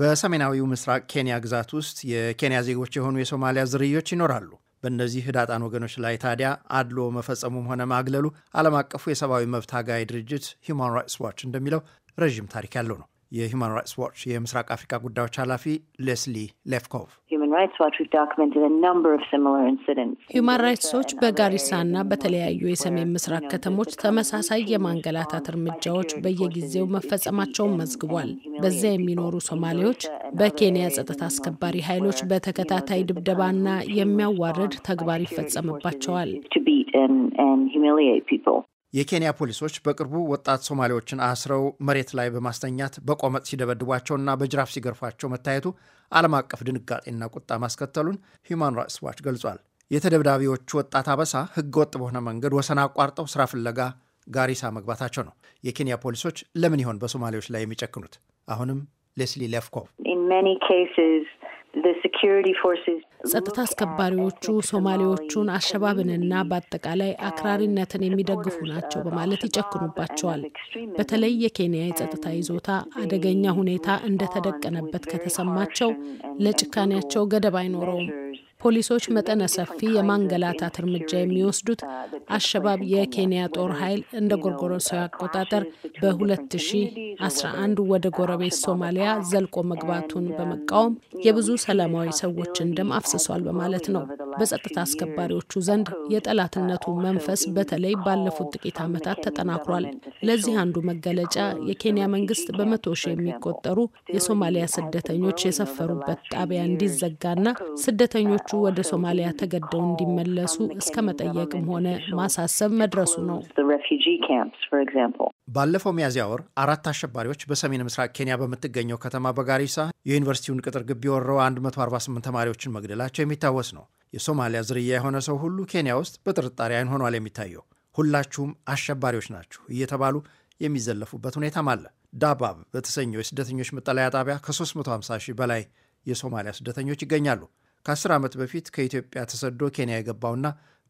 በሰሜናዊው ምስራቅ ኬንያ ግዛት ውስጥ የኬንያ ዜጎች የሆኑ የሶማሊያ ዝርዮች ይኖራሉ። በእነዚህ ህዳጣን ወገኖች ላይ ታዲያ አድሎ መፈጸሙም ሆነ ማግለሉ ዓለም አቀፉ የሰብአዊ መብት አጋይ ድርጅት ሂውማን ራይትስ ዋች እንደሚለው ረዥም ታሪክ ያለው ነው። የሂውማን ራይትስ ዋች የምስራቅ አፍሪካ ጉዳዮች ኃላፊ ሌስሊ ሌፍኮቭ ሂውማን ራይትስ ዎች እና በተለያዩ የሰሜን ምስራቅ ከተሞች ተመሳሳይ የማንገላታት እርምጃዎች በየጊዜው መፈጸማቸውን መዝግቧል። በዚያ የሚኖሩ ሶማሌዎች በኬንያ ጸጥታ አስከባሪ ኃይሎች በተከታታይ ድብደባና የሚያዋርድ ተግባር ይፈጸምባቸዋል። የኬንያ ፖሊሶች በቅርቡ ወጣት ሶማሌዎችን አስረው መሬት ላይ በማስተኛት በቆመጥ ሲደበድቧቸውና በጅራፍ ሲገርፏቸው መታየቱ ዓለም አቀፍ ድንጋጤና ቁጣ ማስከተሉን ሂዩማን ራይትስ ዋች ገልጿል። የተደብዳቢዎቹ ወጣት አበሳ ህገወጥ በሆነ መንገድ ወሰን አቋርጠው ስራ ፍለጋ ጋሪሳ መግባታቸው ነው። የኬንያ ፖሊሶች ለምን ይሆን በሶማሌዎች ላይ የሚጨክኑት? አሁንም ሌስሊ ሌፍኮቭ ጸጥታ አስከባሪዎቹ ሶማሌዎቹን አሸባብንና በአጠቃላይ አክራሪነትን የሚደግፉ ናቸው በማለት ይጨክኑባቸዋል። በተለይ የኬንያ የጸጥታ ይዞታ አደገኛ ሁኔታ እንደተደቀነበት ከተሰማቸው ለጭካኔያቸው ገደብ አይኖረውም። ፖሊሶች መጠነ ሰፊ የማንገላታት እርምጃ የሚወስዱት አሸባብ የኬንያ ጦር ኃይል እንደ ጎርጎሮሳዊ አቆጣጠር በ2011 ወደ ጎረቤት ሶማሊያ ዘልቆ መግባቱን በመቃወም የብዙ ሰላማዊ ሰዎችን ደም አፍስሷል በማለት ነው። በጸጥታ አስከባሪዎቹ ዘንድ የጠላትነቱ መንፈስ በተለይ ባለፉት ጥቂት ዓመታት ተጠናክሯል። ለዚህ አንዱ መገለጫ የኬንያ መንግስት በመቶ ሺህ የሚቆጠሩ የሶማሊያ ስደተኞች የሰፈሩበት ጣቢያ እንዲዘጋና ስደተኞቹ ወደ ሶማሊያ ተገደው እንዲመለሱ እስከ መጠየቅም ሆነ ማሳሰብ መድረሱ ነው። ባለፈው ሚያዝያ ወር አራት አሸባሪዎች በሰሜን ምስራቅ ኬንያ በምትገኘው ከተማ በጋሪሳ የዩኒቨርሲቲውን ቅጥር ግቢ ወረው 148 ተማሪዎችን መግደላቸው የሚታወስ ነው። የሶማሊያ ዝርያ የሆነ ሰው ሁሉ ኬንያ ውስጥ በጥርጣሬ አይን ሆኗል የሚታየው። ሁላችሁም አሸባሪዎች ናችሁ እየተባሉ የሚዘለፉበት ሁኔታም አለ። ዳባብ በተሰኘው የስደተኞች መጠለያ ጣቢያ ከ350 ሺህ በላይ የሶማሊያ ስደተኞች ይገኛሉ። ከ10 ዓመት በፊት ከኢትዮጵያ ተሰዶ ኬንያ የገባውና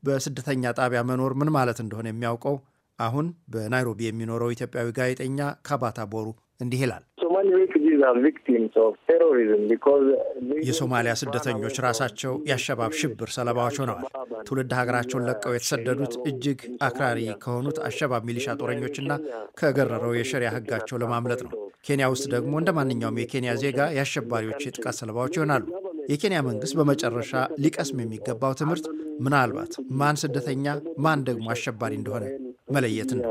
በስደተኛ ጣቢያ መኖር ምን ማለት እንደሆነ የሚያውቀው አሁን በናይሮቢ የሚኖረው ኢትዮጵያዊ ጋዜጠኛ ካባታ ቦሩ እንዲህ ይላል። የሶማሊያ ስደተኞች ራሳቸው የአሸባብ ሽብር ሰለባዎች ሆነዋል። ትውልድ ሀገራቸውን ለቀው የተሰደዱት እጅግ አክራሪ ከሆኑት አሸባብ ሚሊሻ ጦረኞችና ከገረረው የሸሪያ ሕጋቸው ለማምለጥ ነው። ኬንያ ውስጥ ደግሞ እንደ ማንኛውም የኬንያ ዜጋ የአሸባሪዎች የጥቃት ሰለባዎች ይሆናሉ። የኬንያ መንግስት በመጨረሻ ሊቀስም የሚገባው ትምህርት ምናልባት ማን ስደተኛ ማን ደግሞ አሸባሪ እንደሆነ መለየት ነው።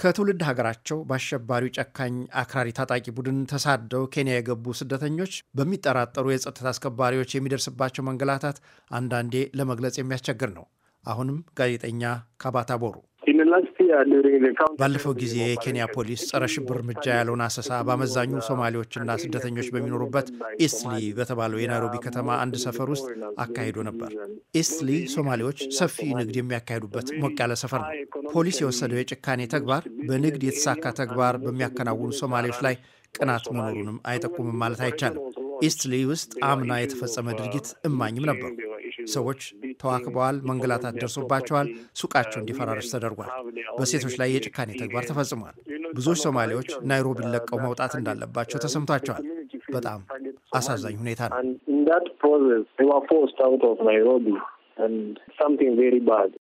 ከትውልድ ሀገራቸው በአሸባሪው ጨካኝ አክራሪ ታጣቂ ቡድን ተሳደው ኬንያ የገቡ ስደተኞች በሚጠራጠሩ የጸጥታ አስከባሪዎች የሚደርስባቸው መንገላታት አንዳንዴ ለመግለጽ የሚያስቸግር ነው። አሁንም ጋዜጠኛ ካባታ ቦሩ ባለፈው ጊዜ የኬንያ ፖሊስ ጸረ ሽብር እርምጃ ያለውን አሰሳ በአመዛኙ ሶማሌዎችና ስደተኞች በሚኖሩበት ኢስትሊ በተባለው የናይሮቢ ከተማ አንድ ሰፈር ውስጥ አካሂዶ ነበር። ኢስትሊ ሶማሌዎች ሰፊ ንግድ የሚያካሂዱበት ሞቅ ያለ ሰፈር ነው። ፖሊስ የወሰደው የጭካኔ ተግባር በንግድ የተሳካ ተግባር በሚያከናውኑ ሶማሌዎች ላይ ቅናት መኖሩንም አይጠቁምም ማለት አይቻልም። ኢስትሊ ውስጥ አምና የተፈጸመ ድርጊት እማኝም ነበሩ። ሰዎች ተዋክበዋል፣ መንገላታት ደርሶባቸዋል፣ ሱቃቸው እንዲፈራረስ ተደርጓል። በሴቶች ላይ የጭካኔ ተግባር ተፈጽሟል። ብዙዎች ሶማሌዎች ናይሮቢን ለቀው መውጣት እንዳለባቸው ተሰምቷቸዋል። በጣም አሳዛኝ ሁኔታ ነው።